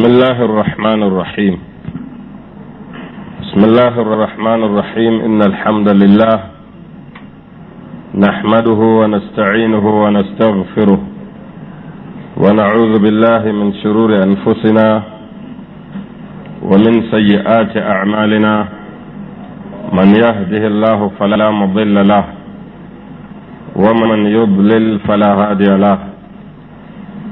بسم الله الرحمن الرحيم بسم الله الرحمن الرحيم إن الحمد لله نحمده ونستعينه ونستغفره ونعوذ بالله من شرور أنفسنا ومن سيئات أعمالنا من يهده الله فلا مضل له ومن يضلل فلا هادي له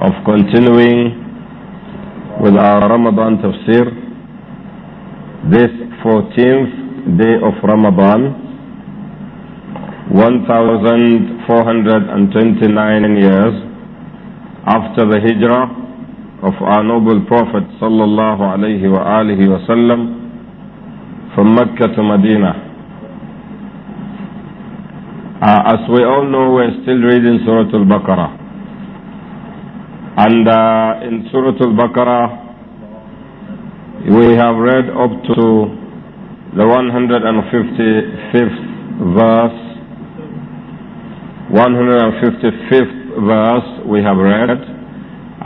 of continuing with our Ramadan tafsir this 14th day of Ramadan 1429 years after the hijrah of our noble prophet sallallahu alaihi wasallam from Mecca to Medina uh, as we all know we're still reading Surah Al-Baqarah and uh, in Surah Al-Baqarah, we have read up to the 155th verse. 155th verse we have read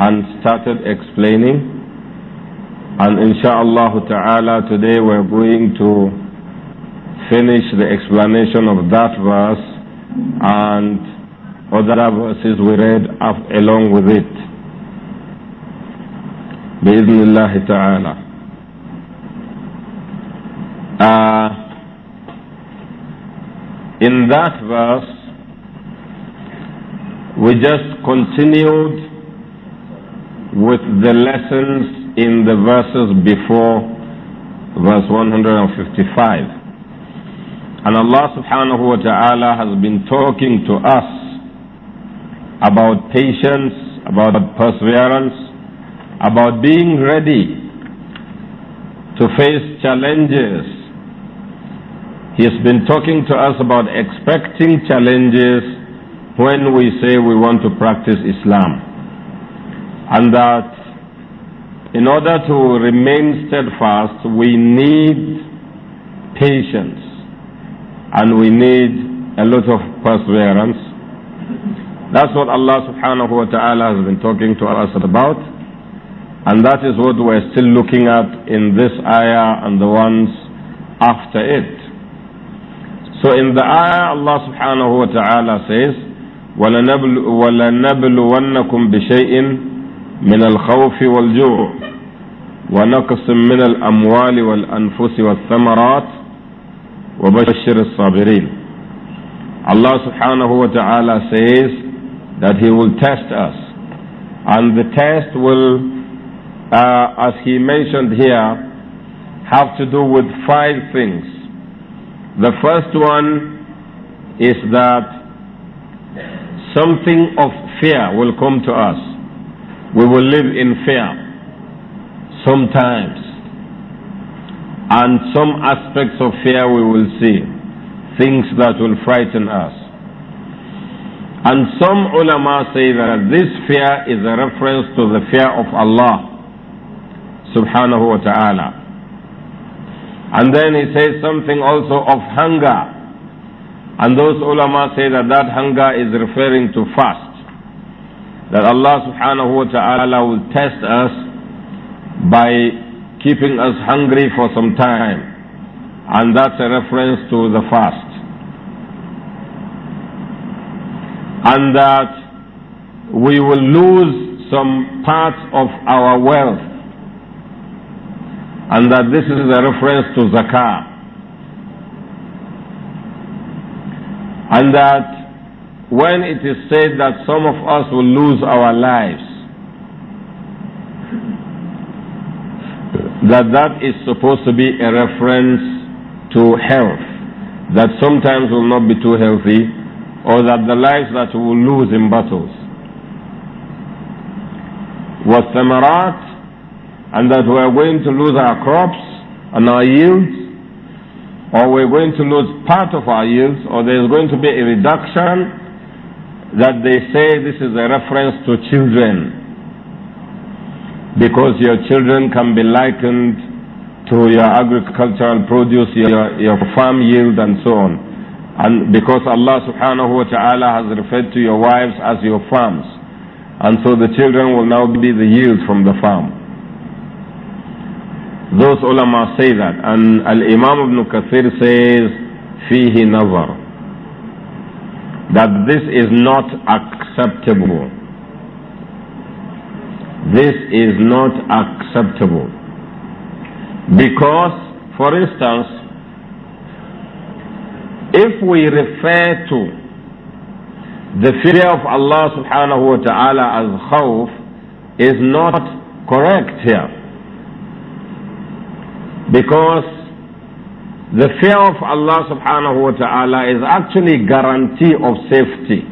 and started explaining. And inshallah ta'ala today we're going to finish the explanation of that verse and other verses we read along with it. بإذن الله تعالى uh, in that verse we just continued with the lessons in the verses before verse 155 and Allah subhanahu wa ta'ala has been talking to us about patience, about perseverance, about being ready to face challenges. He has been talking to us about expecting challenges when we say we want to practice Islam. And that in order to remain steadfast, we need patience and we need a lot of perseverance. That's what Allah subhanahu wa ta'ala has been talking to us about. And that is what we're still looking at in this ayah and the ones after it. So in the ayah, Allah subhanahu wa ta'ala says, وَلَنَبْلُوَنَّكُمْ بِشَيْءٍ مِنَ الْخَوْفِ وَالْجُوعِ وَنَقْصٍ مِنَ الْأَمْوَالِ وَالْأَنفُسِ وَالثَّمَرَاتِ وَبَشِّرِ الصَّابِرِينَ Allah subhanahu wa ta'ala says that He will test us. And the test will uh, as he mentioned here, have to do with five things. The first one is that something of fear will come to us. We will live in fear sometimes. And some aspects of fear we will see, things that will frighten us. And some ulama say that this fear is a reference to the fear of Allah subhanahu wa ta'ala. And then he says something also of hunger. And those ulama say that that hunger is referring to fast. That Allah subhanahu wa ta'ala will test us by keeping us hungry for some time. And that's a reference to the fast. And that we will lose some part of our wealth and that this is a reference to zakah. And that when it is said that some of us will lose our lives, that that is supposed to be a reference to health, that sometimes will not be too healthy, or that the lives that we will lose in battles. والثمرات and that we are going to lose our crops and our yields, or we're going to lose part of our yields, or there's going to be a reduction that they say this is a reference to children because your children can be likened to your agricultural produce, your, your farm yield and so on. And because Allah subhanahu wa ta'ala has referred to your wives as your farms. And so the children will now be the yield from the farm. Those ulama say that. And Al-Imam ibn Kathir says, "Fihi نظر. That this is not acceptable. This is not acceptable. Because, for instance, if we refer to the fear of Allah subhanahu wa ta'ala as khawf is not correct here. Because the fear of Allah subhanahu wa ta'ala is actually guarantee of safety.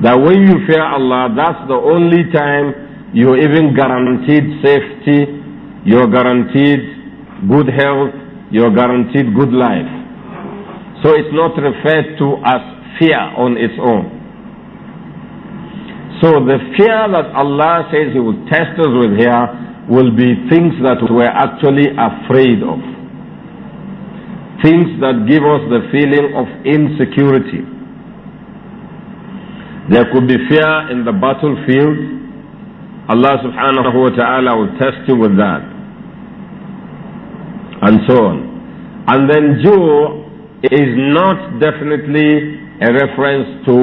That when you fear Allah, that's the only time you're even guaranteed safety, you're guaranteed good health, you're guaranteed good life. So it's not referred to as fear on its own. So the fear that Allah says He will test us with here will be things that we're actually afraid of. Things that give us the feeling of insecurity. There could be fear in the battlefield. Allah subhanahu wa ta'ala will test you with that. And so on. And then Jew is not definitely a reference to,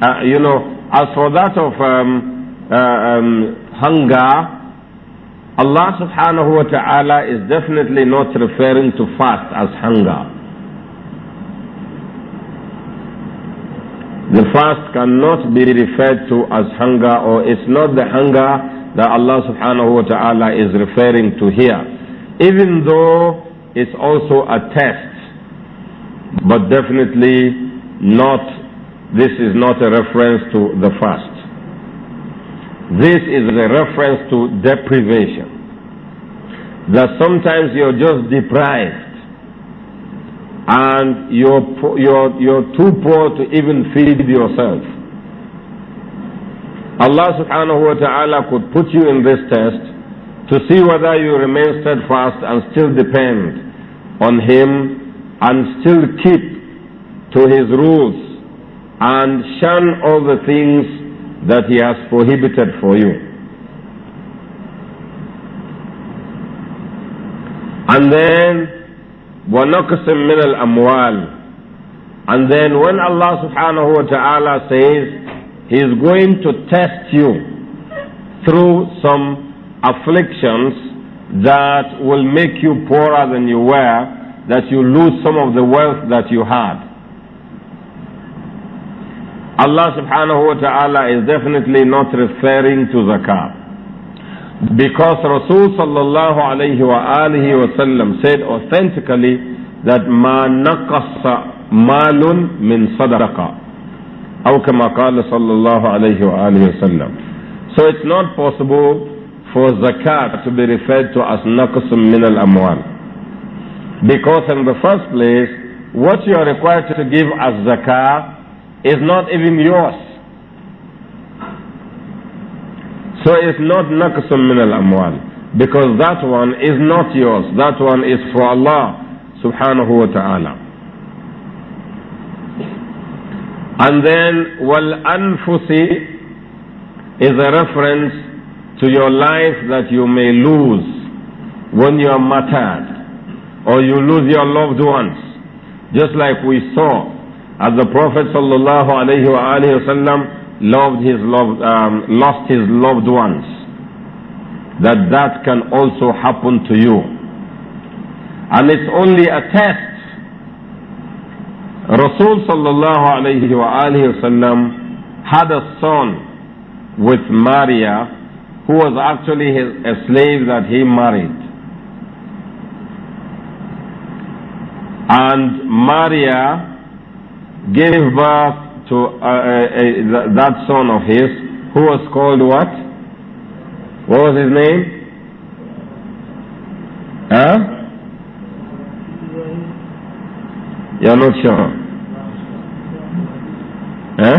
uh, you know, as for that of um, uh, um, hunger, Allah subhanahu wa ta'ala is definitely not referring to fast as hunger. The fast cannot be referred to as hunger or it's not the hunger that Allah subhanahu wa ta'ala is referring to here. Even though it's also a test, but definitely not, this is not a reference to the fast. This is a reference to deprivation. That sometimes you're just deprived and you're, you're, you're too poor to even feed yourself. Allah subhanahu wa ta'ala could put you in this test to see whether you remain steadfast and still depend on Him and still keep to His rules and shun all the things that he has prohibited for you. And then, وَنَقْسٍ مِّنَ الْأَمْوَالِ And then when Allah subhanahu wa ta'ala says, He is going to test you through some afflictions that will make you poorer than you were, that you lose some of the wealth that you had. Allah subhanahu wa ta'ala is definitely not referring to zakat, Because Rasul sallallahu alayhi wa alihi wa sallam said authentically that ma naqasa malun min sadaqa. أو كما قال صلى الله عليه وآله وسلم. So it's not possible for zakat to be referred to as نقص min al Because in the first place, what you are required to give as zakat is not even yours. So it's not naqsun min al-amwal because that one is not yours. That one is for Allah subhanahu wa ta'ala. And then wal anfusi is a reference to your life that you may lose when you are martyred or you lose your loved ones. Just like we saw as the Prophet sallallahu alaihi wasallam loved his loved, um, lost his loved ones, that that can also happen to you. And it's only a test. Rasul sallallahu alaihi wasallam had a son with Maria who was actually his, a slave that he married. And Maria gave birth to uh, that son of his who was called what? What was his name? Huh? You're not sure. Huh?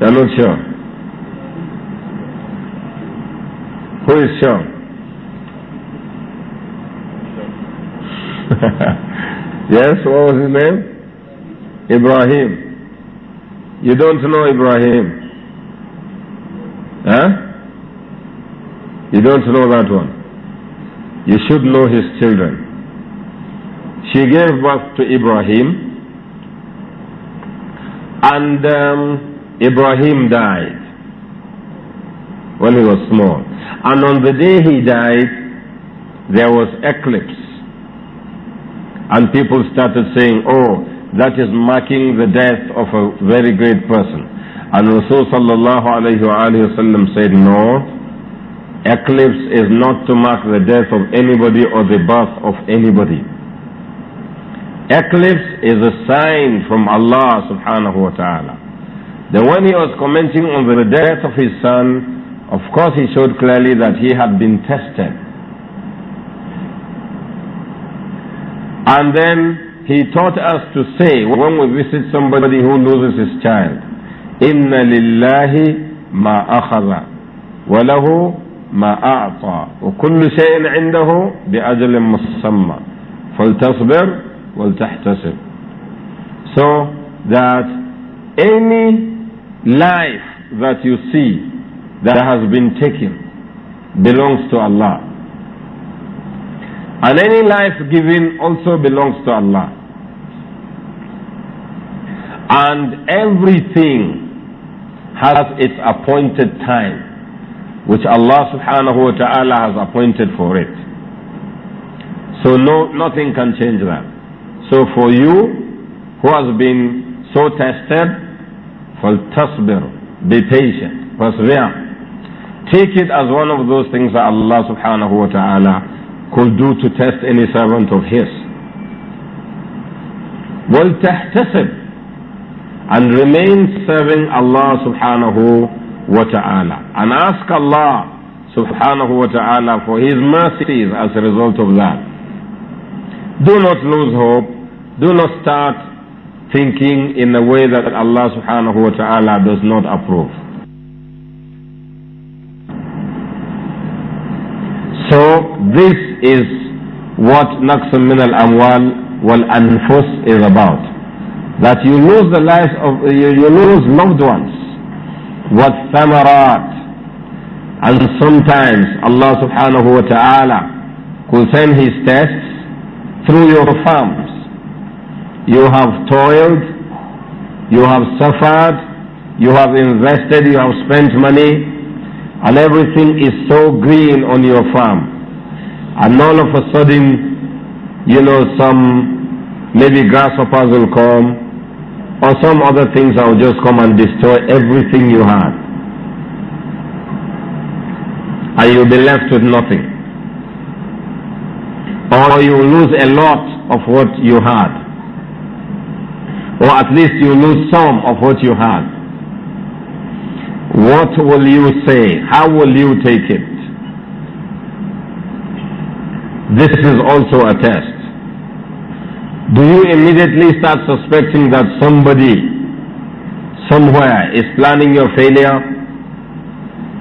You're not sure. Who is sure? yes, what was his name? Ibrahim. You don't know Ibrahim. Huh? You don't know that one. You should know his children. She gave birth to Ibrahim and um, Ibrahim died when he was small. And on the day he died, there was eclipse. And people started saying, oh, that is marking the death of a very great person. And Rasul sallallahu alayhi wa said, no, eclipse is not to mark the death of anybody or the birth of anybody. Eclipse is a sign from Allah subhanahu wa ta'ala. Then when he was commenting on the death of his son, of course he showed clearly that he had been tested. And then he taught us to say when we visit somebody who loses his child, إِنَّ لِلَّهِ مَا أَخَذَ وَلَهُ ما أعطى وكل شيء عنده بأجل مسمى فلتصبر ولتحتسب so that any life that you see that has been taken belongs to Allah and any life given also belongs to Allah. And everything has its appointed time, which Allah subhanahu wa ta'ala has appointed for it. So no, nothing can change that. So for you, who has been so tested, فَلْتَصْبِرْ Be patient, persevere. Take it as one of those things that Allah subhanahu wa ta'ala could do to test any servant of his. وَلْتَحْتَسِبْ and remain serving Allah subhanahu wa ta'ala and ask Allah subhanahu wa ta'ala for his mercies as a result of that. Do not lose hope. Do not start thinking in a way that Allah subhanahu wa ta'ala does not approve. So this is what naqsum min al-amwal wal anfus is about. That you lose the life of, you, you lose loved ones. What thamarat. And sometimes Allah subhanahu wa ta'ala could send His tests through your farms. You have toiled, you have suffered, you have invested, you have spent money, and everything is so green on your farm and all of a sudden, you know, some maybe grasshoppers will come or some other things that will just come and destroy everything you had. And you'll be left with nothing. Or you will lose a lot of what you had. Or at least you lose some of what you had. What will you say? How will you take it? This is also a test. Do you immediately start suspecting that somebody somewhere is planning your failure?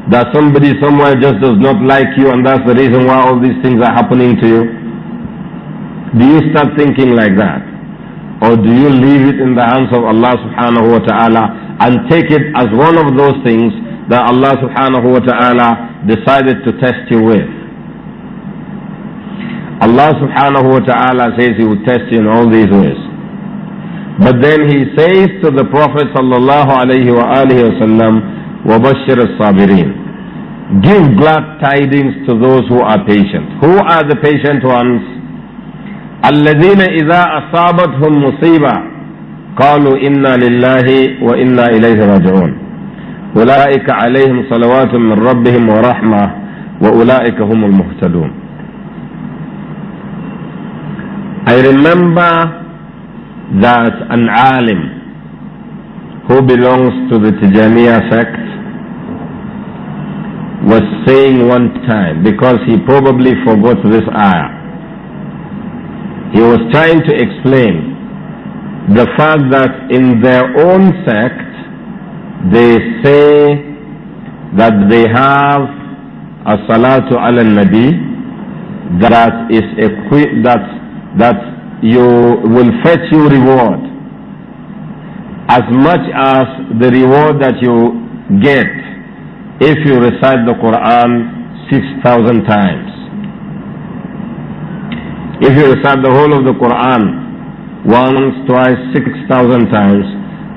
That somebody somewhere just does not like you and that's the reason why all these things are happening to you? Do you start thinking like that? Or do you leave it in the hands of Allah subhanahu wa ta'ala and take it as one of those things that Allah subhanahu wa ta'ala decided to test you with? Allah subhanahu wa ta'ala says He will test you in all these ways. But then He says to the Prophet sallallahu alayhi wa alihi wasallam, وَبَشِّرَ الصَّابِرِينَ Give glad tidings to those who are patient. Who are the patient ones? الَّذِينَ إِذَا أَصَابَتْهُمْ مُصِيبَةٌ قالوا إنا لله وإنا إليه راجعون أولئك عليهم صلوات من ربهم ورحمة وأولئك هم المهتدون I remember that an alim who belongs to the Tijaniya sect was saying one time, because he probably forgot this ayah, he was trying to explain the fact that in their own sect they say that they have a salatu ala nabi that is equi- that that you will fetch you reward as much as the reward that you get if you recite the Quran 6,000 times. If you recite the whole of the Quran once, twice, 6,000 times,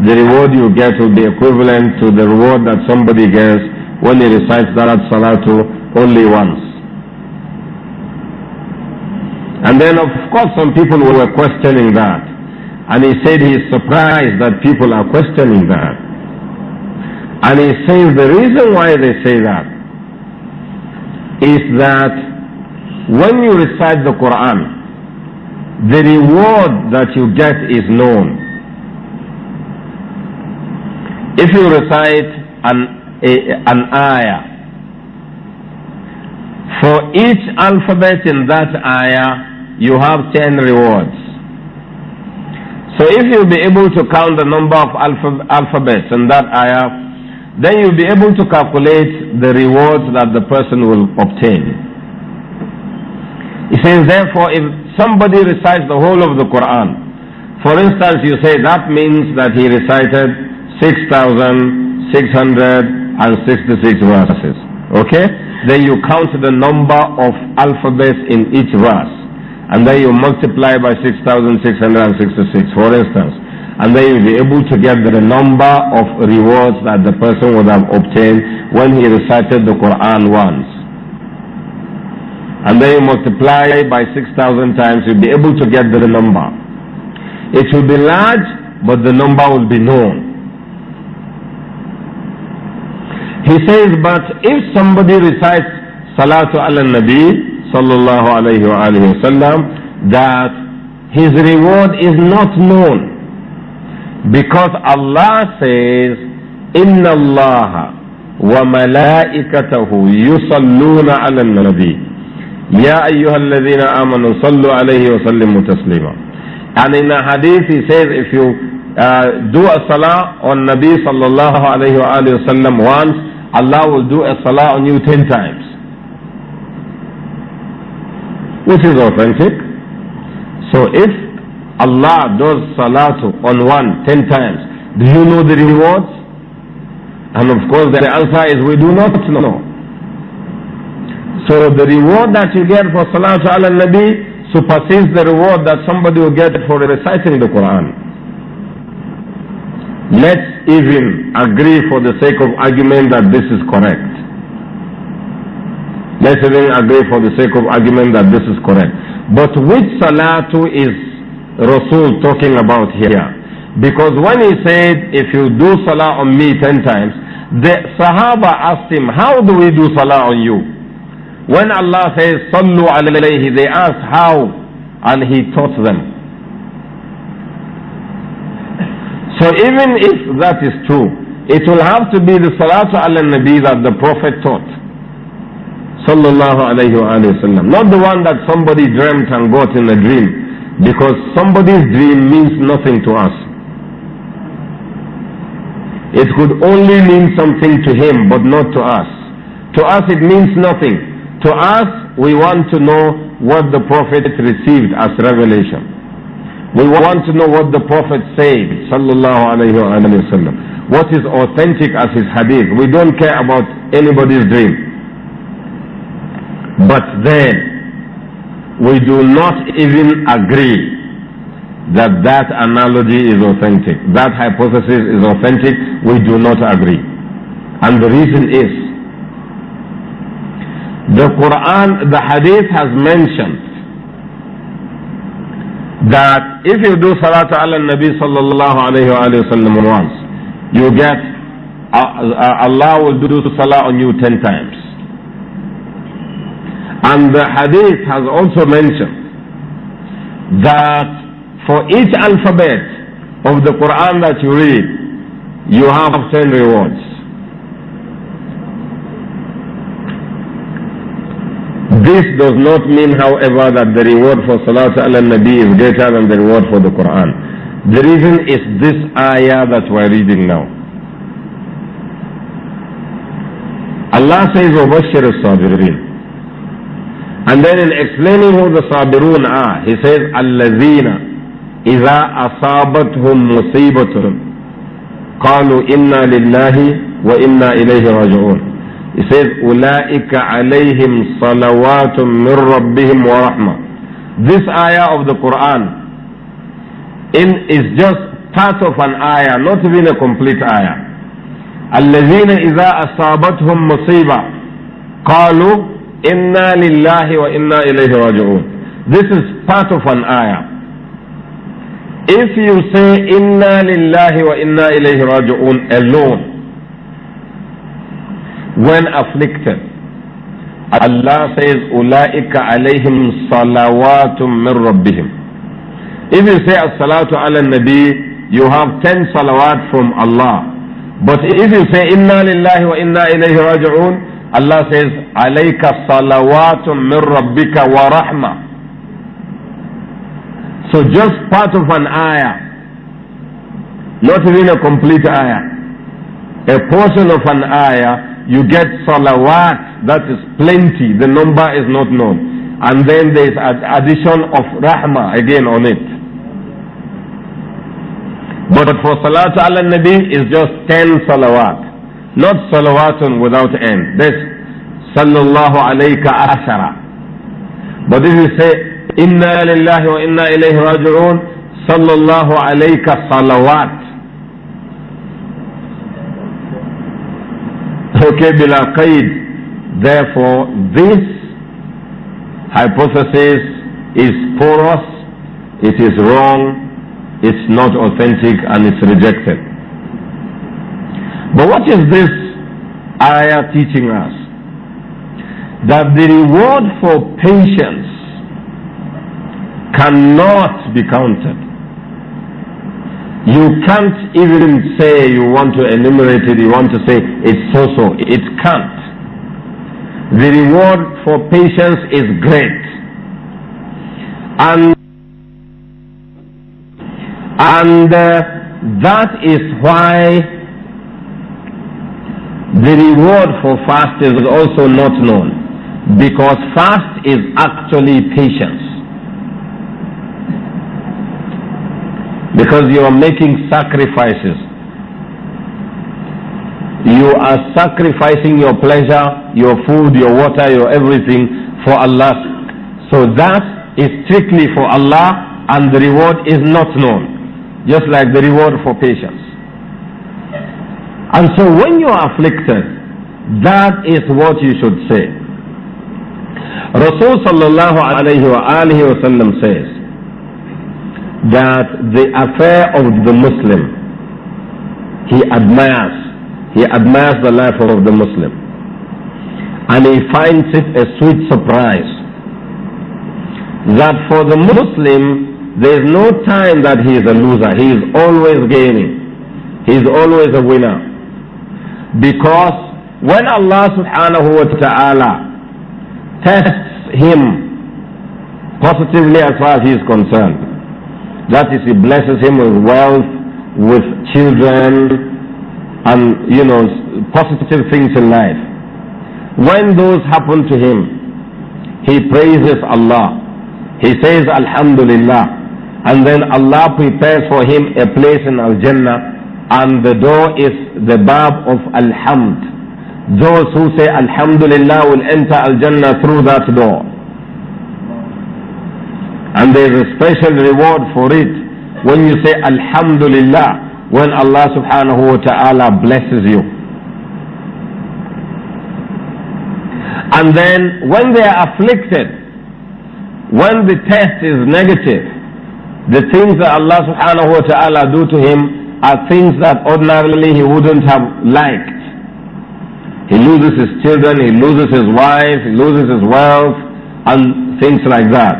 the reward you get will be equivalent to the reward that somebody gets when he recites Salat Salatu only once. And then, of course, some people were questioning that. And he said he is surprised that people are questioning that. And he says the reason why they say that is that when you recite the Quran, the reward that you get is known. If you recite an, a, an ayah, for each alphabet in that ayah, you have ten rewards. So if you be able to count the number of alphabets in that ayah, then you'll be able to calculate the rewards that the person will obtain. He says, therefore, if somebody recites the whole of the Quran, for instance, you say that means that he recited 6,666 verses. Okay? Then you count the number of alphabets in each verse and then you multiply by 6,666, for instance, and then you'll be able to get the number of rewards that the person would have obtained when he recited the Quran once. And then you multiply by 6,000 times, you'll be able to get the number. It will be large, but the number will be known. He says, but if somebody recites Salatu ala Nabi, sallallahu alayhi wasallam, that his reward is not known. Because Allah says, إِنَّ اللَّهَ وملائكته يصلون على النبي يا أيها الذين آمنوا صلوا عليه وسلموا تسليما and in a hadith he says if you uh, do a salah on Nabi sallallahu alayhi wa sallam once Allah will do a salah on you ten times which is authentic. So if Allah does salatu on one ten times, do you know the rewards? And of course the answer is we do not know. So the reward that you get for salatu ala nabi supersedes the reward that somebody will get for reciting the Quran. Let's even agree for the sake of argument that this is correct. Let's even agree for the sake of argument that this is correct. But which salatu is Rasul talking about here? Because when he said, if you do salah on me ten times, the Sahaba asked him, how do we do salah on you? When Allah says, sallu alayhi, they asked how, and he taught them. So even if that is true, it will have to be the salatu ala nabi that the Prophet taught. Sallallahu alayhi wa sallam. Not the one that somebody dreamt and got in a dream. Because somebody's dream means nothing to us. It could only mean something to him, but not to us. To us it means nothing. To us, we want to know what the Prophet received as revelation. We want to know what the Prophet said, sallallahu alayhi wa What is authentic as his hadith. We don't care about anybody's dream. But then, we do not even agree that that analogy is authentic. That hypothesis is authentic. We do not agree. And the reason is, the Quran, the Hadith has mentioned that if you do Salat ala Nabi sallallahu alayhi wa sallam once, you get, uh, uh, Allah will do Salah on you ten times. And the hadith has also mentioned that for each alphabet of the Quran that you read, you have 10 rewards. This does not mean, however, that the reward for Salat al Nabi is greater than the reward for the Quran. The reason is this ayah that we're reading now. Allah says, وَبَشِّرِ الصَّابِرِينَ And then in explaining who the Sabirun are, he says, الَّذِينَ إذا أصابتهم مصيبة قالوا إنا لله وإنا إليه راجعون He says أولئك عليهم صلوات من ربهم ورحمة This ayah of the Quran in, is just part of an ayah, not even a complete ayah. الذين إذا أصابتهم مصيبة قالوا Inna lillahi wa inna ilayhi raji'un. This is part of an ayah. If you say Inna lillahi wa inna ilayhi raji'un alone, when afflicted, Allah says, Ula'ika alayhim salawatum min rabbihim. If you say as-salatu ala nabi, you have ten salawat from Allah. But if you say Inna lillahi wa inna ilayhi raji'un, Allah says, Alayka salawatum min rabbika wa rahma." So just part of an ayah, not even a complete ayah, a portion of an ayah, you get salawat, that is plenty, the number is not known. And then there is an addition of rahmah again on it. But for salat al nabi is just 10 salawat. Not salawatun without end. This, sallallahu alayka ashara. But if you say, inna lillahi wa inna ilayhi raji'un, sallallahu alayka salawat. Okay, bila qaid. Therefore, this hypothesis is porous, it is wrong, it's not authentic, and it's rejected. But what is this ayah teaching us? That the reward for patience cannot be counted. You can't even say you want to enumerate it, you want to say it's so so. It can't. The reward for patience is great. And, and uh, that is why the reward for fast is also not known because fast is actually patience. Because you are making sacrifices. You are sacrificing your pleasure, your food, your water, your everything for Allah. So that is strictly for Allah and the reward is not known. Just like the reward for patience. And so when you are afflicted, that is what you should say. Rasul sallallahu alayhi wa says that the affair of the Muslim, he admires, he admires the life of the Muslim. And he finds it a sweet surprise that for the Muslim, there is no time that he is a loser. He is always gaining. He is always a winner. Because when Allah subhanahu wa ta'ala tests him positively as far as he is concerned, that is, he blesses him with wealth, with children, and, you know, positive things in life. When those happen to him, he praises Allah. He says, Alhamdulillah. And then Allah prepares for him a place in Al-Jannah and the door is the Bab of Alhamd. Those who say Alhamdulillah will enter Al-Jannah through that door. And there is a special reward for it when you say Alhamdulillah, when Allah subhanahu wa ta'ala blesses you. And then when they are afflicted, when the test is negative, the things that Allah subhanahu wa ta'ala do to him are things that ordinarily he wouldn't have liked. He loses his children, he loses his wife, he loses his wealth, and things like that.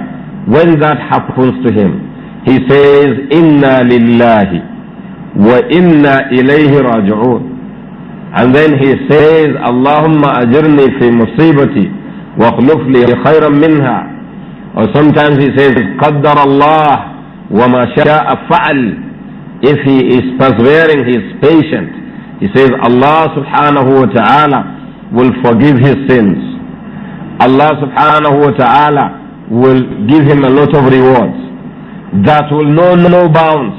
When that happens to him, he says, Inna lillahi wa inna ilayhi raji'un. And then he says, Allahumma ajirni fi musibati wa li khayran minha. Or sometimes he says, Qaddar Allah wa ma sha'a fa'al if he is persevering, he is patient. He says, Allah subhanahu wa ta'ala will forgive his sins. Allah subhanahu wa ta'ala will give him a lot of rewards that will know no bounds.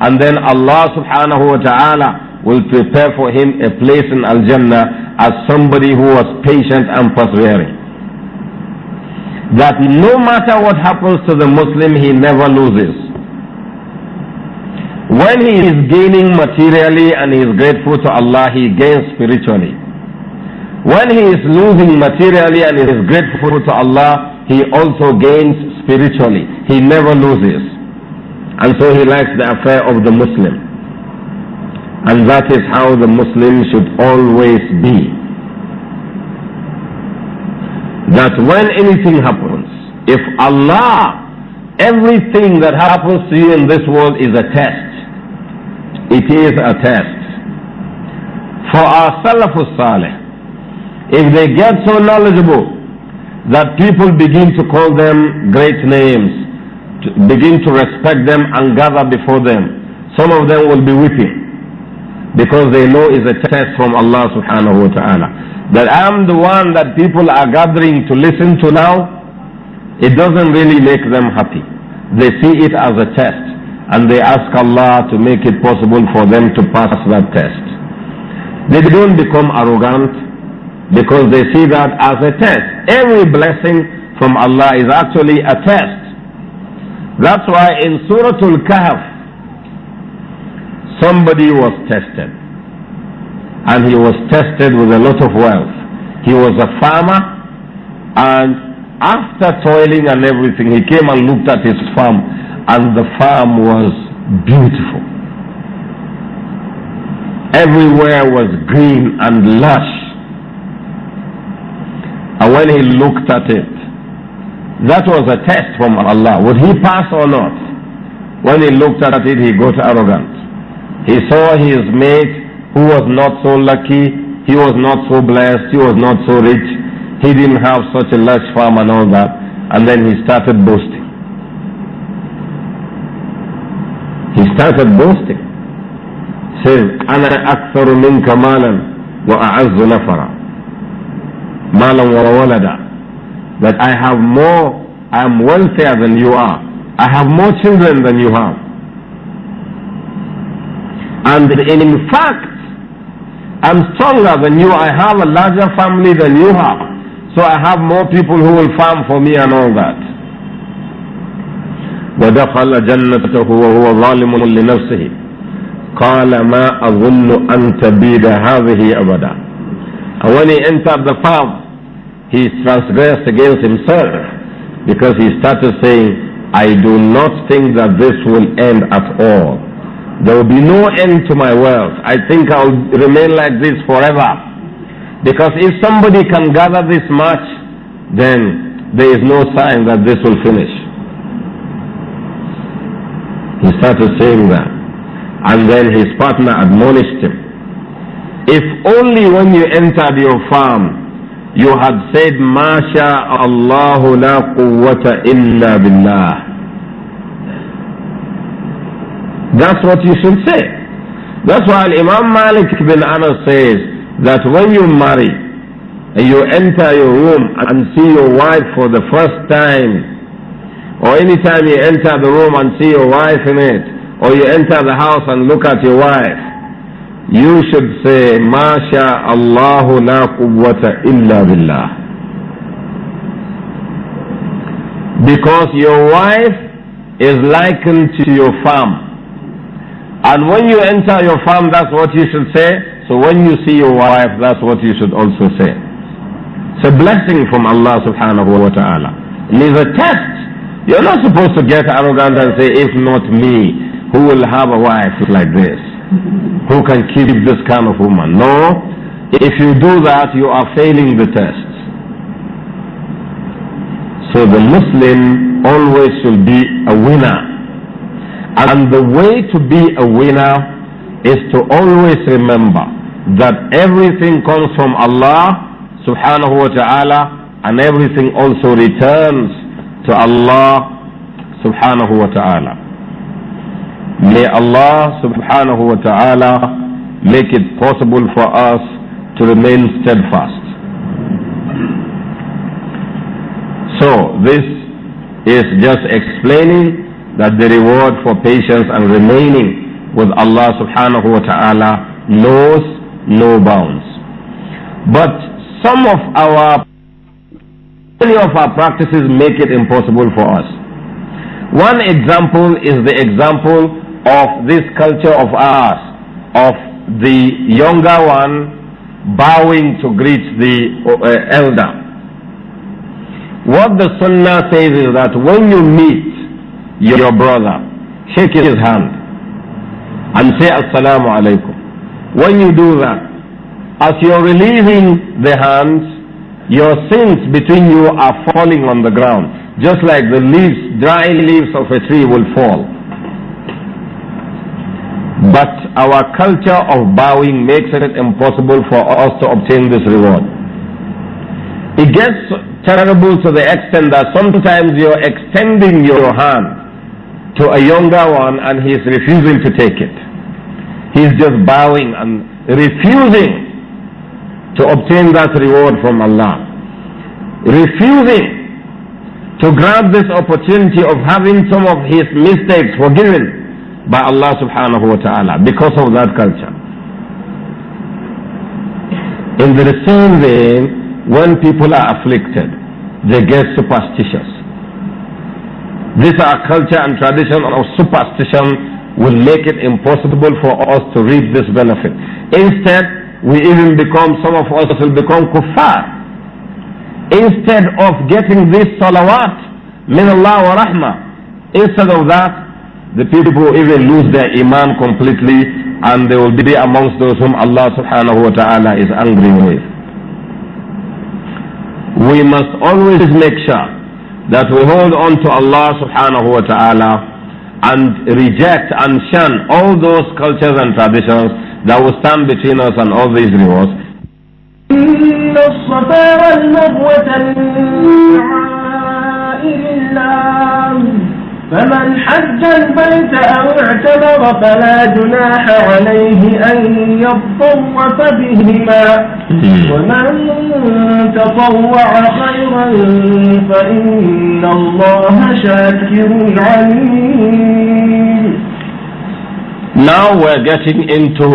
And then Allah subhanahu wa ta'ala will prepare for him a place in Al Jannah as somebody who was patient and persevering. That no matter what happens to the Muslim, he never loses when he is gaining materially and is grateful to Allah, he gains spiritually. When he is losing materially and is grateful to Allah, he also gains spiritually. He never loses. And so he likes the affair of the Muslim. And that is how the Muslim should always be. That when anything happens, if Allah, everything that happens to you in this world is a test. It is a test. For our Salafus Saleh, if they get so knowledgeable that people begin to call them great names, to begin to respect them and gather before them, some of them will be weeping because they know it's a test from Allah subhanahu wa ta'ala. That I'm the one that people are gathering to listen to now, it doesn't really make them happy. They see it as a test and they ask Allah to make it possible for them to pass that test. They don't become arrogant because they see that as a test. Every blessing from Allah is actually a test. That's why in Surah Al-Kahf, somebody was tested. And he was tested with a lot of wealth. He was a farmer and after toiling and everything, he came and looked at his farm and the farm was beautiful. Everywhere was green and lush. And when he looked at it, that was a test from Allah. Would he pass or not? When he looked at it, he got arrogant. He saw his mate who was not so lucky, he was not so blessed, he was not so rich, he didn't have such a lush farm and all that. And then he started boasting. He started boasting. Says, أنا أكثر منك مالا وأعز نفرا. مالا وولدا. That I have more, I am wealthier than you are. I have more children than you have. And in fact, I'm stronger than you. I have a larger family than you have. So I have more people who will farm for me and all that. ودخل جنته وهو ظالم لنفسه قال ما أظن أن تبيد هذه أبدا And when he entered the farm, he transgressed against himself because he started saying, I do not think that this will end at all. There will be no end to my wealth. I think I'll remain like this forever. Because if somebody can gather this much, then there is no sign that this will finish. He started saying that. And then his partner admonished him. If only when you entered your farm, you had said, Masha Allahu la quwwata illa billah. That's what you should say. That's why Imam Malik bin Anas says that when you marry and you enter your room and see your wife for the first time, or anytime you enter the room and see your wife in it, or you enter the house and look at your wife, you should say, Masha Allahu la quwwata illa billah. Because your wife is likened to your farm. And when you enter your farm, that's what you should say. So when you see your wife, that's what you should also say. It's a blessing from Allah subhanahu wa ta'ala. It is a test you're not supposed to get arrogant and say, if not me, who will have a wife like this? Who can keep this kind of woman? No. If you do that, you are failing the test. So the Muslim always should be a winner. And the way to be a winner is to always remember that everything comes from Allah subhanahu wa ta'ala and everything also returns to Allah subhanahu wa ta'ala. May Allah subhanahu wa ta'ala make it possible for us to remain steadfast. So, this is just explaining that the reward for patience and remaining with Allah subhanahu wa ta'ala knows no bounds. But some of our many of our practices make it impossible for us. One example is the example of this culture of ours, of the younger one bowing to greet the uh, elder. What the sunnah says is that when you meet your brother, shake his hand and say assalamu alaikum. When you do that, as you're releasing the hands, your sins between you are falling on the ground, just like the leaves, dry leaves of a tree will fall. But our culture of bowing makes it impossible for us to obtain this reward. It gets terrible to the extent that sometimes you're extending your hand to a younger one and he's refusing to take it. He's just bowing and refusing to obtain that reward from Allah. Refusing to grab this opportunity of having some of his mistakes forgiven by Allah subhanahu wa ta'ala because of that culture. In the same vein, when people are afflicted, they get superstitious. This our culture and tradition of superstition will make it impossible for us to reap this benefit. Instead, we even become, some of us will become kuffar. Instead of getting this salawat, min Allah wa rahma. instead of that, the people even lose their iman completely and they will be amongst those whom Allah subhanahu wa ta'ala is angry with. We must always make sure that we hold on to Allah subhanahu wa ta'ala and reject and shun all those cultures and traditions that will stand between us and all these rewards. إن الصفا والمروة من شعائر الله فمن حج البيت أو اعتمر فلا جناح عليه أن يطوف بهما ومن تطوع خيرا فإن الله شاكر عليم now we're getting into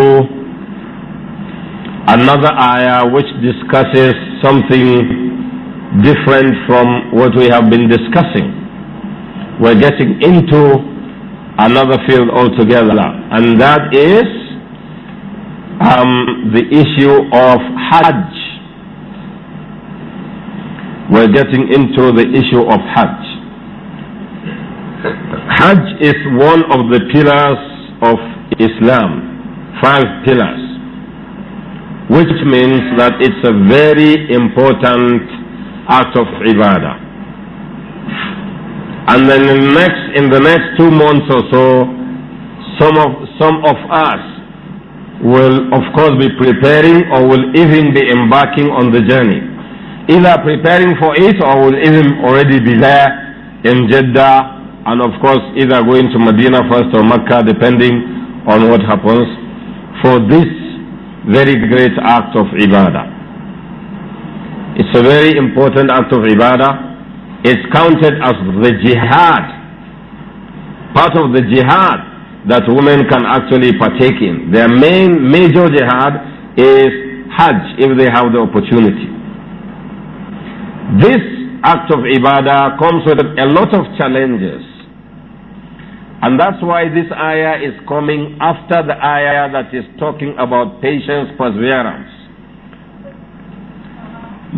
another ayah which discusses something different from what we have been discussing. We're getting into another field altogether, and that is um, the issue of Hajj we're getting into the issue of Hajj. Hajj is one of the pillars of Islam, five pillars, which means that it's a very important act of ibadah. And then in the next, in the next two months or so, some of, some of us will of course be preparing or will even be embarking on the journey. Either preparing for it or will even already be there in Jeddah and of course either going to Medina first or Mecca depending on what happens for this very great act of ibadah. It's a very important act of ibadah. It's counted as the jihad, part of the jihad that women can actually partake in. Their main major jihad is Hajj if they have the opportunity. This act of ibadah comes with a lot of challenges. And that's why this ayah is coming after the ayah that is talking about patience, perseverance.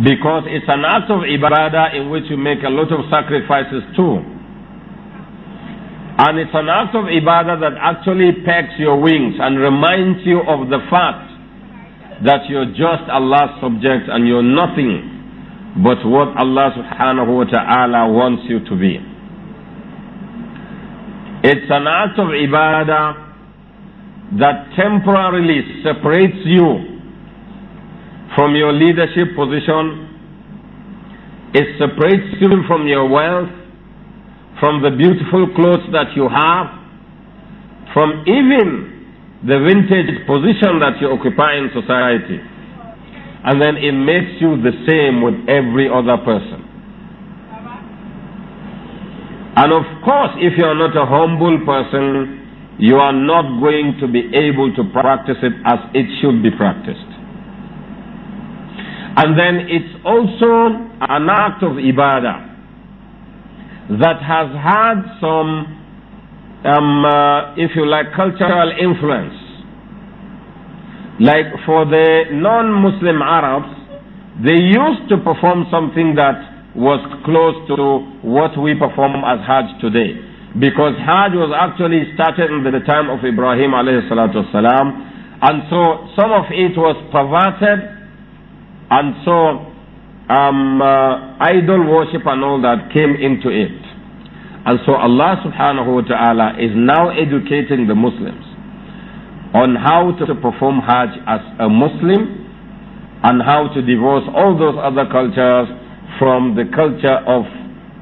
Because it's an act of ibadah in which you make a lot of sacrifices too. And it's an act of ibadah that actually pecks your wings and reminds you of the fact that you're just Allah's subject and you're nothing but what Allah subhanahu wa ta'ala wants you to be. It's an act of ibadah that temporarily separates you from your leadership position. It separates you from your wealth, from the beautiful clothes that you have, from even the vintage position that you occupy in society. And then it makes you the same with every other person. And of course, if you are not a humble person, you are not going to be able to practice it as it should be practiced. And then it's also an act of ibadah that has had some, um, uh, if you like, cultural influence. Like for the non Muslim Arabs, they used to perform something that was close to what we perform as Hajj today. Because Hajj was actually started in the time of Ibrahim alayhi salatu wasalam, and so some of it was perverted, and so um, uh, idol worship and all that came into it. And so Allah subhanahu wa ta'ala is now educating the Muslims on how to perform Hajj as a Muslim and how to divorce all those other cultures from the culture of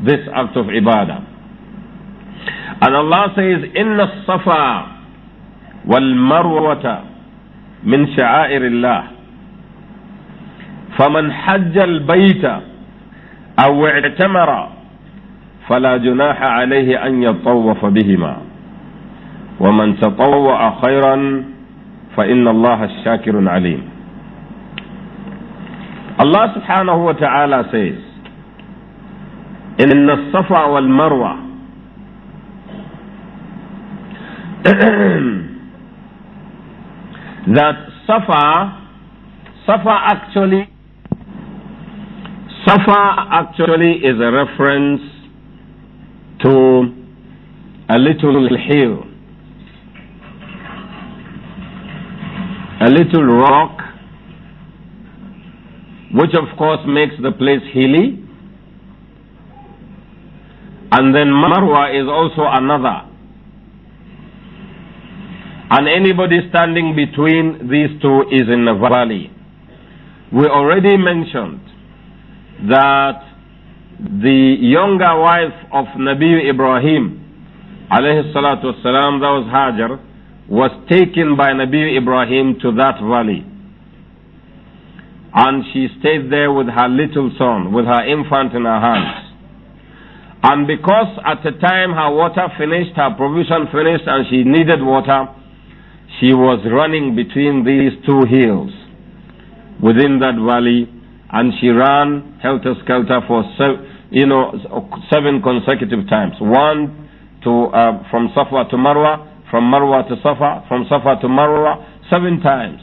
this act of ibadah. And Allah says, إِنَّ الصَّفَا وَالْمَرْوَةَ مِنْ شَعَائِرِ اللَّهِ فمن حج البيت أو اعتمر فلا جناح عليه أن يطوف بهما ومن تطوع خيرا فإن الله الشاكر عليم الله سبحانه وتعالى says إن الصفا والمروة that Safa Safa actually Safa actually is a reference to a little hill a little rock which of course makes the place hilly and then Marwa is also another. And anybody standing between these two is in a valley. We already mentioned that the younger wife of Nabi Ibrahim, alayhi salatu wasalam, that was Hajar, was taken by Nabi Ibrahim to that valley. And she stayed there with her little son, with her infant in her hands. And because at the time her water finished, her provision finished, and she needed water, she was running between these two hills within that valley, and she ran helter skelter for you know seven consecutive times. One to uh, from Safa to Marwa, from Marwa to Safa, from Safa to Marwa, seven times.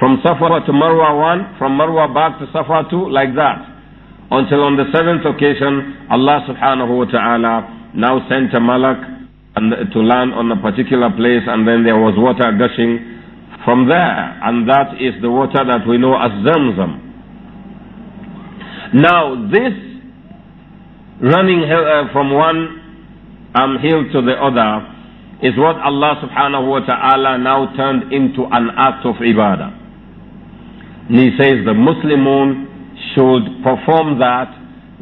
From Safa to Marwa one, from Marwa back to Safa two, like that. Until on the seventh occasion, Allah subhanahu wa ta'ala now sent a malak and, to land on a particular place and then there was water gushing from there. And that is the water that we know as Zamzam. Now this running uh, from one um, hill to the other is what Allah subhanahu wa ta'ala now turned into an act of ibadah. And he says the Muslimun should perform that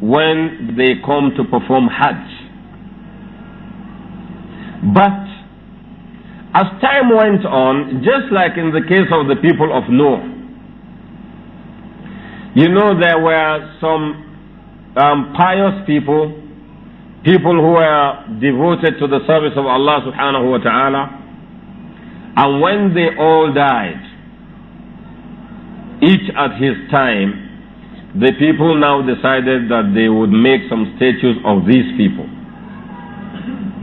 when they come to perform Hajj. But as time went on, just like in the case of the people of Noah, you know, there were some um, pious people, people who were devoted to the service of Allah subhanahu wa ta'ala, and when they all died, each at his time, the people now decided that they would make some statues of these people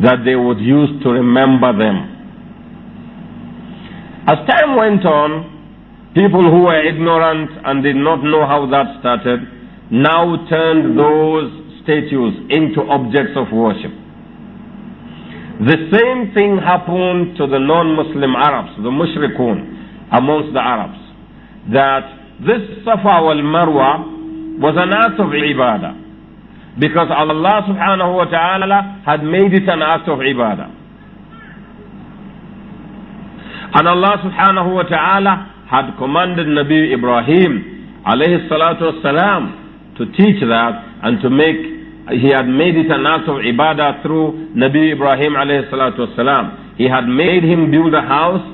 that they would use to remember them. As time went on, people who were ignorant and did not know how that started now turned those statues into objects of worship. The same thing happened to the non Muslim Arabs, the mushrikun amongst the Arabs, that this Safa al Marwa was an act of ibadah. Because Allah subhanahu wa ta'ala had made it an act of ibadah. And Allah subhanahu wa ta'ala had commanded Nabi Ibrahim alayhi salatu wasalam to teach that and to make he had made it an act of ibadah through Nabi Ibrahim alayhi salatu wasalam. He had made him build a house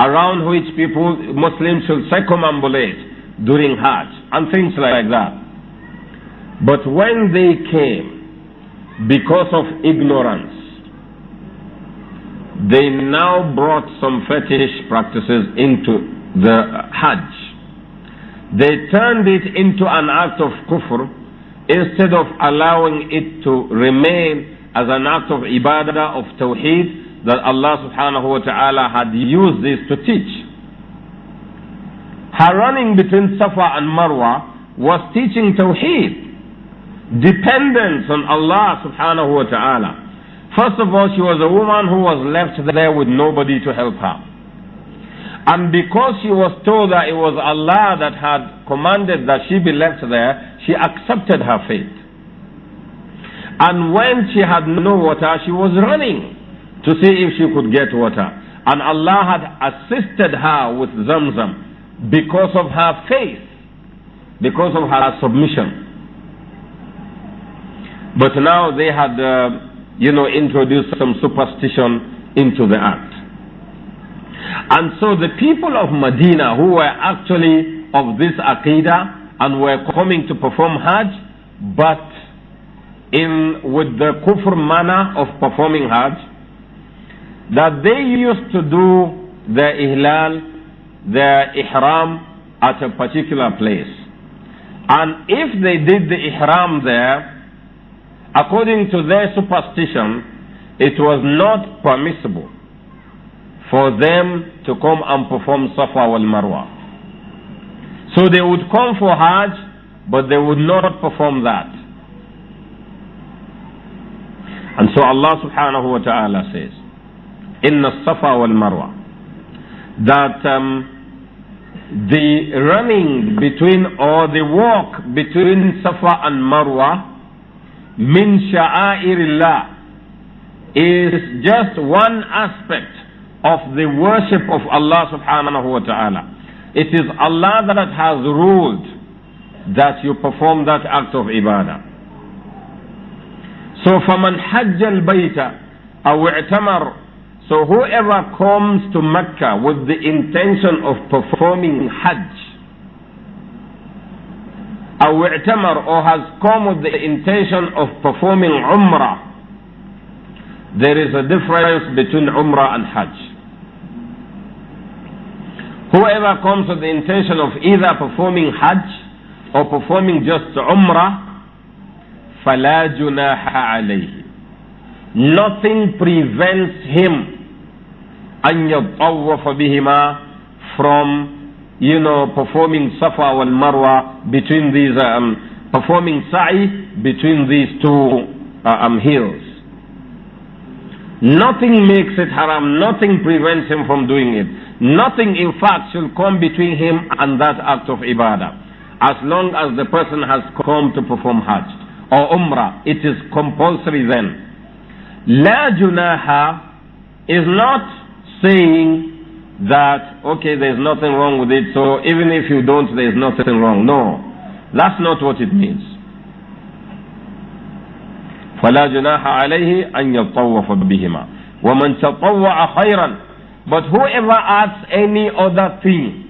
around which people Muslims should circumambulate during Hajj and things like that. But when they came, because of ignorance, they now brought some fetish practices into the Hajj. They turned it into an act of kufr instead of allowing it to remain as an act of ibadah, of tawheed that Allah subhanahu wa ta'ala had used this to teach. Her running between Safa and Marwa was teaching tawheed dependence on Allah subhanahu wa ta'ala. First of all, she was a woman who was left there with nobody to help her. And because she was told that it was Allah that had commanded that she be left there, she accepted her fate. And when she had no water, she was running to see if she could get water. And Allah had assisted her with Zamzam because of her faith, because of her submission. But now they had, uh, you know, introduced some superstition into the act. And so the people of Medina who were actually of this Aqidah and were coming to perform Hajj, but in with the kufr manner of performing Hajj, that they used to do the ihlal, the ihram at a particular place. And if they did the ihram there, According to their superstition, it was not permissible for them to come and perform Safa wal Marwa. So they would come for Hajj, but they would not perform that. And so Allah subhanahu wa ta'ala says, in Safa wal Marwa, that um, the running between or the walk between Safa and Marwa min sha'airillah is just one aspect of the worship of Allah subhanahu wa ta'ala. It is Allah that has ruled that you perform that act of ibadah. So فَمَنْ حَجَّ الْبَيْتَ أَوْ اعْتَمَرْ So whoever comes to Mecca with the intention of performing Hajj, أو اعتمر or has come with the intention of performing Umrah, there is a difference between Umrah and Hajj. Whoever comes with the intention of either performing Hajj or performing just Umrah, فَلَا جُنَاحَ عَلَيْهِ Nothing prevents him أَن يَطَوَّفَ بِهِمَا from you know, performing Safa wal Marwa between these, um, performing Sa'i between these two uh, um, hills. Nothing makes it haram, nothing prevents him from doing it. Nothing, in fact, shall come between him and that act of ibadah. As long as the person has come to perform Hajj or Umrah, it is compulsory then. La junaha is not saying that, okay, there's nothing wrong with it, so even if you don't, there's nothing wrong. No, that's not what it means. فلا جناح عليه أن يطوف بهما ومن تطوع خيرا but whoever asks any other thing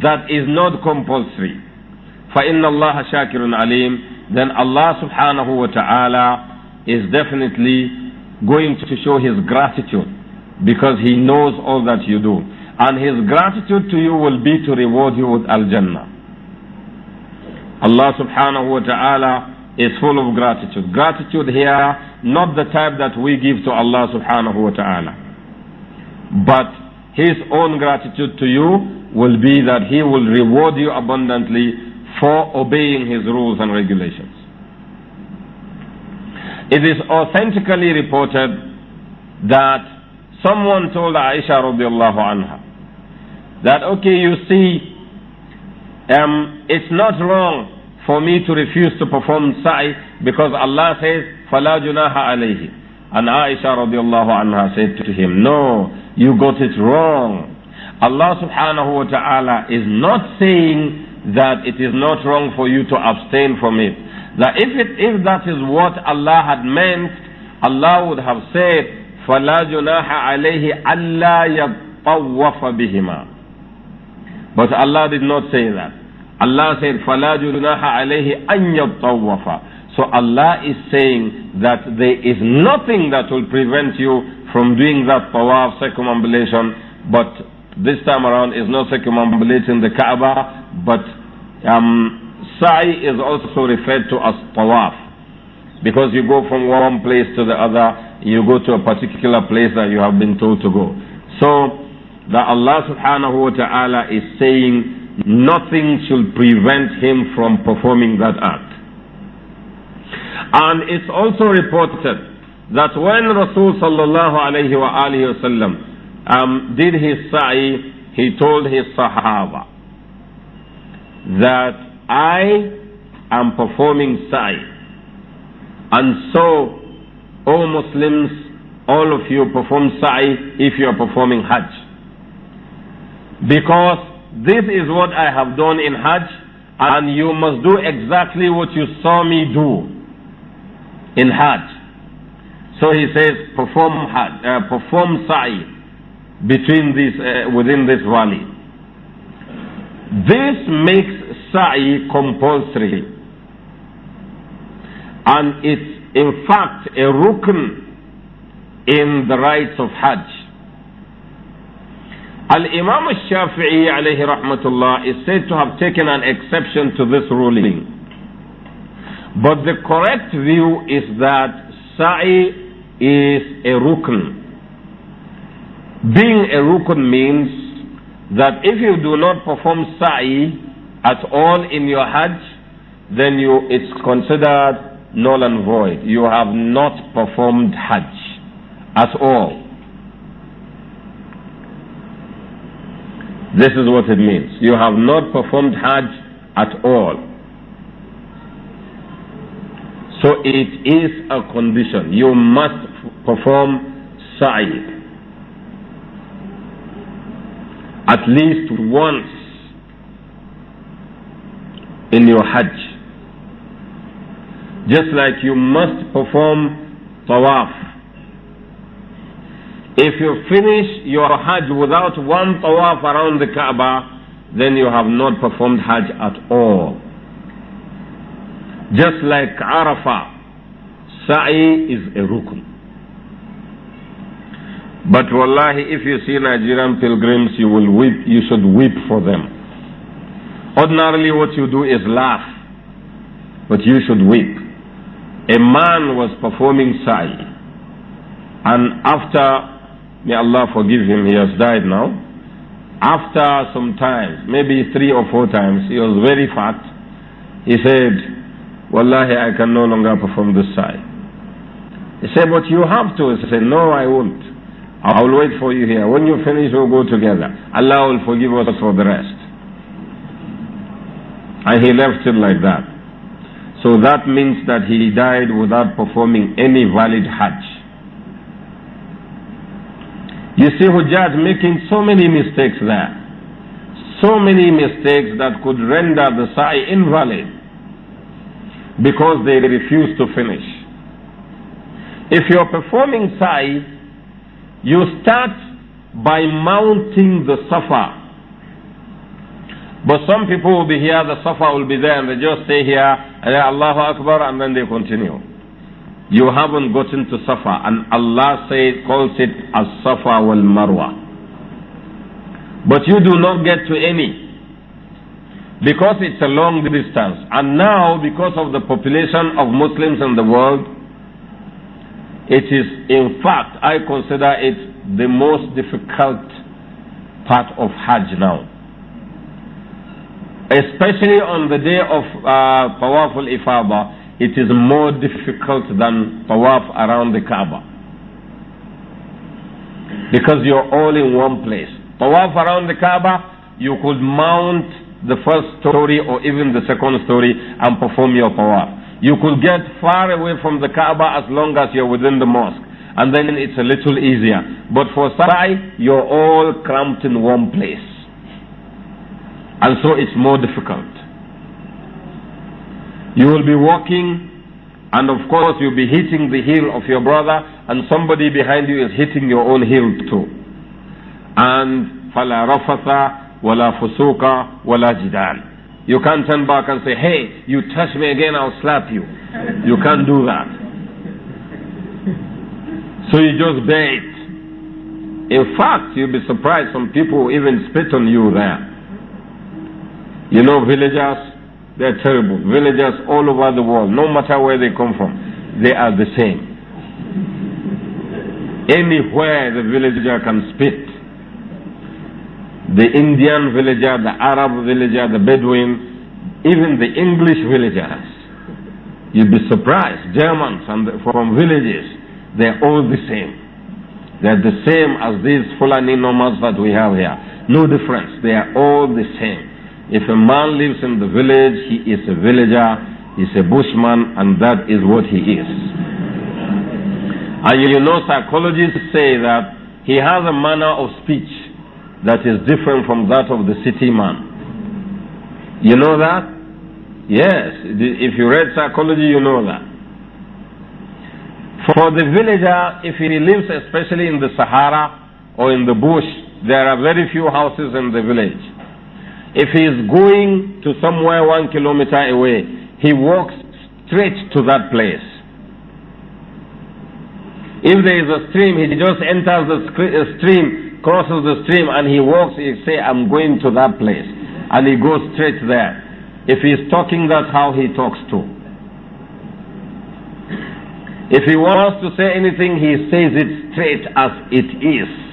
that is not compulsory فإن الله شاكر عليم then Allah subhanahu wa ta'ala is definitely going to show his gratitude because he knows all that you do and his gratitude to you will be to reward you with Al-Jannah. Allah subhanahu wa ta'ala is full of gratitude. Gratitude here, not the type that we give to Allah subhanahu wa ta'ala. But his own gratitude to you will be that he will reward you abundantly for obeying his rules and regulations. It is authentically reported that someone told Aisha radiallahu anha that, okay, you see, um, it's not wrong for me to refuse to perform sa'i because Allah says, فَلَا جُنَاهَ عَلَيْهِ And Aisha radiallahu anha said to him, no, you got it wrong. Allah subhanahu wa ta'ala is not saying that it is not wrong for you to abstain from it. That if, it, if that is what Allah had meant, Allah would have said, فَلَا جُنَاهَ عَلَيْهِ أَلَّا يَطَّوَّفَ بِهِمَا but Allah did not say that. Allah said, فَلَا جُنَاحَ عَلَيْهِ أَنْ يَطَّوَّفَ So Allah is saying that there is nothing that will prevent you from doing that tawaf, circumambulation, but this time around is not circumambulating the Kaaba, but um, sa'i is also referred to as tawaf. Because you go from one place to the other, you go to a particular place that you have been told to go. So, that Allah subhanahu wa ta'ala is saying nothing should prevent him from performing that act. And it's also reported that when Rasul sallallahu alayhi wa wasallam um, did his sa'i, he told his sahaba that I am performing sa'i. And so, O Muslims, all of you perform sa'i if you are performing hajj. Because this is what I have done in Hajj, and you must do exactly what you saw me do in Hajj. So he says, perform Hajj, uh, perform Sa'i between this, uh, within this valley. This makes Sa'i compulsory. And it's in fact a rukn in the rites of Hajj. Al-Imam al-Shafi'i alayhi rahmatullah is said to have taken an exception to this ruling. But the correct view is that sa'i is a rukn. Being a rukn means that if you do not perform sa'i at all in your hajj, then you, it's considered null and void. You have not performed hajj at all. This is what it means. You have not performed Hajj at all. So it is a condition. You must perform Sa'i. At least once in your Hajj. Just like you must perform Tawaf if you finish your Hajj without one tawaf around the Kaaba, then you have not performed Hajj at all. Just like Arafah, Sa'i is a rukun. But wallahi, if you see Nigerian pilgrims, you will weep, you should weep for them. Ordinarily, what you do is laugh, but you should weep. A man was performing Sa'i, and after May Allah forgive him, he has died now. After some time, maybe three or four times, he was very fat. He said, Wallahi, I can no longer perform this sai. He said, But you have to. He said, No, I won't. I will wait for you here. When you finish, we'll go together. Allah will forgive us for the rest. And he left it like that. So that means that he died without performing any valid Hajj. You see Hujjaj making so many mistakes there. So many mistakes that could render the sa'i invalid because they refuse to finish. If you're performing sa'i, you start by mounting the safa. But some people will be here, the safa will be there, and they just stay here, and Allahu Akbar, and then they continue you haven't gotten to Safa. And Allah says, calls it as Safa wal Marwa. But you do not get to any because it's a long distance. And now, because of the population of Muslims in the world, it is, in fact, I consider it the most difficult part of Hajj now. Especially on the day of uh, powerful Ifaba, it is more difficult than tawaf around the Kaaba. Because you're all in one place. Tawaf around the Kaaba, you could mount the first story or even the second story and perform your tawaf. You could get far away from the Kaaba as long as you're within the mosque. And then it's a little easier. But for Sa'i, you're all cramped in one place. And so it's more difficult. You will be walking and of course you'll be hitting the heel of your brother and somebody behind you is hitting your own heel too. And فَلَا رَفَثَ وَلَا فُسُوقَ وَلَا جِدَالٍ you can't turn back and say, hey, you touch me again, I'll slap you. You can't do that. So you just bear it. In fact, you'll be surprised some people even spit on you there. You know, villagers, they're terrible. Villagers all over the world, no matter where they come from, they are the same. Anywhere the villager can spit, the Indian villager, the Arab villager, the Bedouin, even the English villagers, you'd be surprised. Germans and from villages, they're all the same. They're the same as these Fulani nomads that we have here. No difference. They are all the same. If a man lives in the village, he is a villager, he is a bushman, and that is what he is. And you know, psychologists say that he has a manner of speech that is different from that of the city man. You know that? Yes, if you read psychology, you know that. For the villager, if he lives especially in the Sahara or in the bush, there are very few houses in the village. If he is going to somewhere one kilometer away, he walks straight to that place. If there is a stream, he just enters the uh, stream, crosses the stream, and he walks, he say, I'm going to that place. And he goes straight there. If he's talking, that's how he talks too. If he wants to say anything, he says it straight as it is.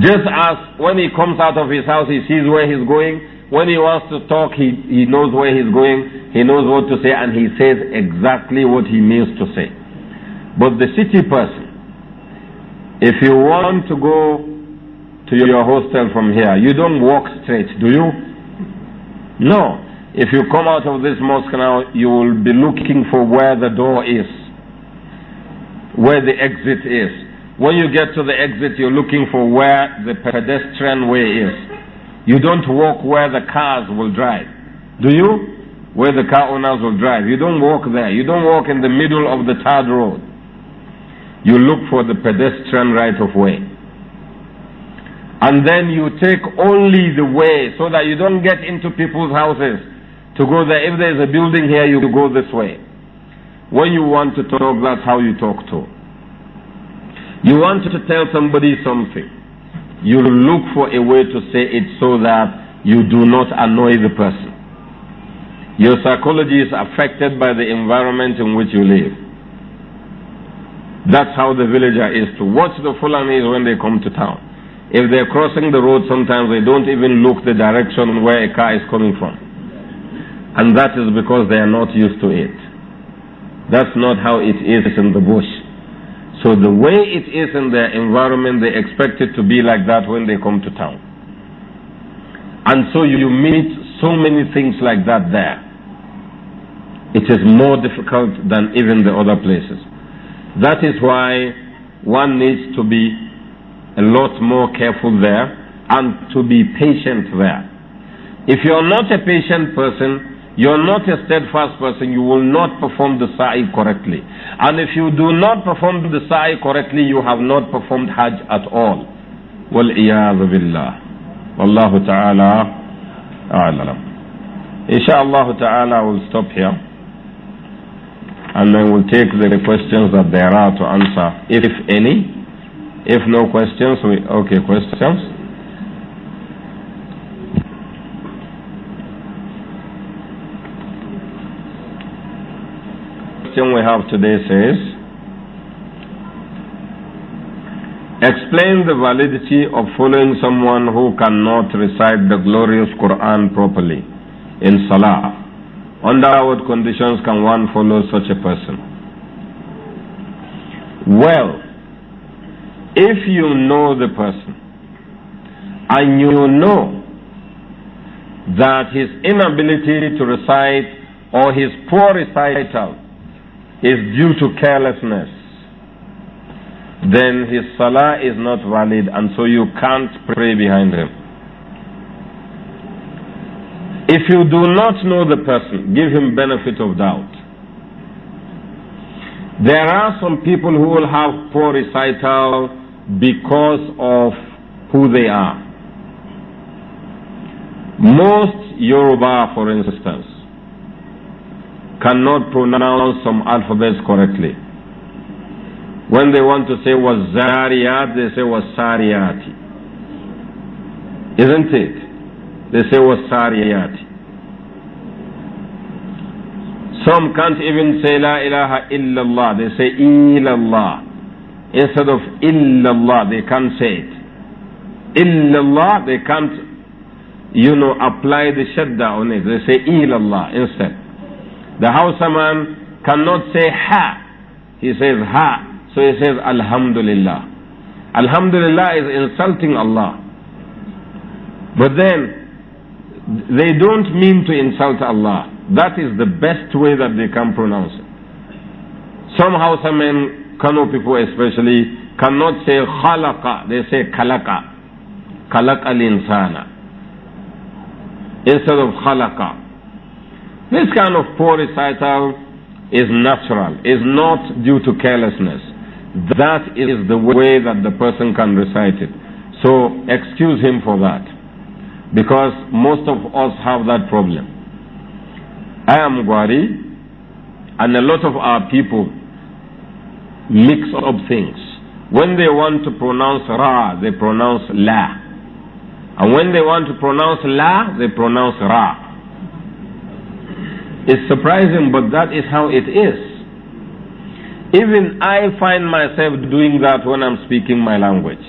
Just as when he comes out of his house, he sees where he's going. When he wants to talk, he, he knows where he's going, he knows what to say, and he says exactly what he means to say. But the city person, if you want to go to your hostel from here, you don't walk straight, do you? No. If you come out of this mosque now, you will be looking for where the door is, where the exit is. When you get to the exit, you're looking for where the pedestrian way is. You don't walk where the cars will drive. Do you? Where the car owners will drive. You don't walk there. You don't walk in the middle of the tarred road. You look for the pedestrian right of way. And then you take only the way so that you don't get into people's houses to go there. If there is a building here, you go this way. When you want to talk, that's how you talk to. You want to tell somebody something. You look for a way to say it so that you do not annoy the person. Your psychology is affected by the environment in which you live. That's how the villager is to watch the Fulanis when they come to town. If they're crossing the road, sometimes they don't even look the direction where a car is coming from. And that is because they are not used to it. That's not how it is in the bush. So the way it is in their environment, they expect it to be like that when they come to town. And so you meet so many things like that there. It is more difficult than even the other places. That is why one needs to be a lot more careful there and to be patient there. If you are not a patient person, you're not a steadfast person. You will not perform the sa'i correctly. And if you do not perform the sa'i correctly, you have not performed hajj at all. وَالْعِيَاذُ بِاللَّهِ وَاللَّهُ تَعَالَى أَعْلَمُ Inshallah ta'ala will stop here. And then we'll take the questions that there are to answer, if any. If no questions, we, okay, questions? question we have today says, Explain the validity of following someone who cannot recite the glorious Quran properly in Salah. Under what conditions can one follow such a person? Well, if you know the person and you know that his inability to recite or his poor recital is due to carelessness, then his salah is not valid and so you can't pray behind him. If you do not know the person, give him benefit of doubt. There are some people who will have poor recital because of who they are. Most Yoruba, for instance, cannot pronounce some alphabets correctly. When they want to say was zariyat, they say was sariyat, Isn't it? They say was sariyat. Some can't even say La ilaha illallah. They say illallah. Instead of illallah, they can't say it. Illallah, they can't, you know, apply the shadda on it. They say illallah instead. The Hausa man cannot say ha. He says ha. So he says Alhamdulillah. Alhamdulillah is insulting Allah. But then, they don't mean to insult Allah. That is the best way that they can pronounce it. Some Hausa men, Kano people especially, cannot say khalaqa, they say kalaka. Kalaka al-insana. Instead of khalaqa. This kind of poor recital is natural, is not due to carelessness. That is the way that the person can recite it. So excuse him for that. Because most of us have that problem. I am Gwari, and a lot of our people mix up things. When they want to pronounce Ra, they pronounce La. And when they want to pronounce La, they pronounce Ra. It's surprising, but that is how it is. Even I find myself doing that when I'm speaking my language.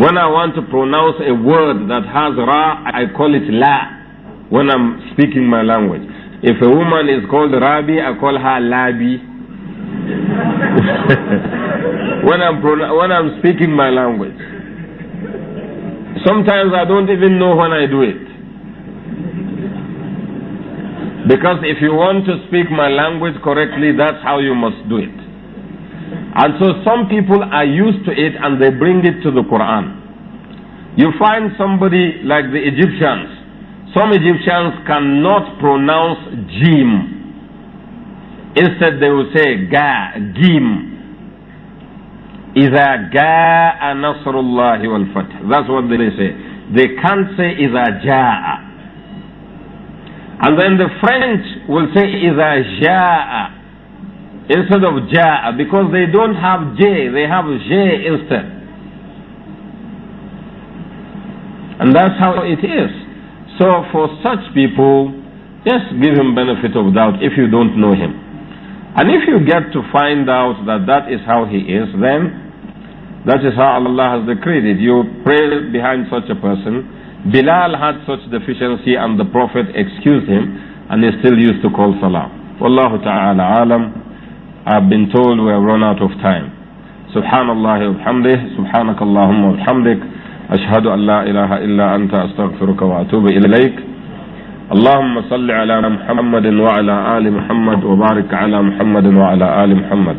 When I want to pronounce a word that has ra, I call it la when I'm speaking my language. If a woman is called Rabi, I call her Labi. when, I'm when I'm speaking my language. Sometimes I don't even know when I do it. Because if you want to speak my language correctly, that's how you must do it. And so some people are used to it and they bring it to the Quran. You find somebody like the Egyptians. Some Egyptians cannot pronounce jim. Instead, they will say ga, gim. إذا جاء نصر الله والفتح. That's what they say. They can't say a Jaa." And then the French will say a جَاءَ instead of ja'a because they don't have j, they have j instead. And that's how it is. So for such people, just give him benefit of doubt if you don't know him. And if you get to find out that that is how he is, then that is how Allah has decreed it. You pray behind such a person Bilal had such deficiency and the Prophet excused him and he still used to call salah. Wallahu ta'ala alam. I've been told we have run out of time. Subhanallah وبحمده سبحانك اللهم وبحمدك أشهد أن لا إله إلا أنت أستغفرك وأتوب إليك اللهم صل على محمد وعلى آل محمد وبارك على محمد وعلى آل محمد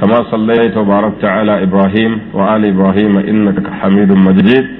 كما صليت وباركت على إبراهيم وآل إبراهيم إنك حميد مجيد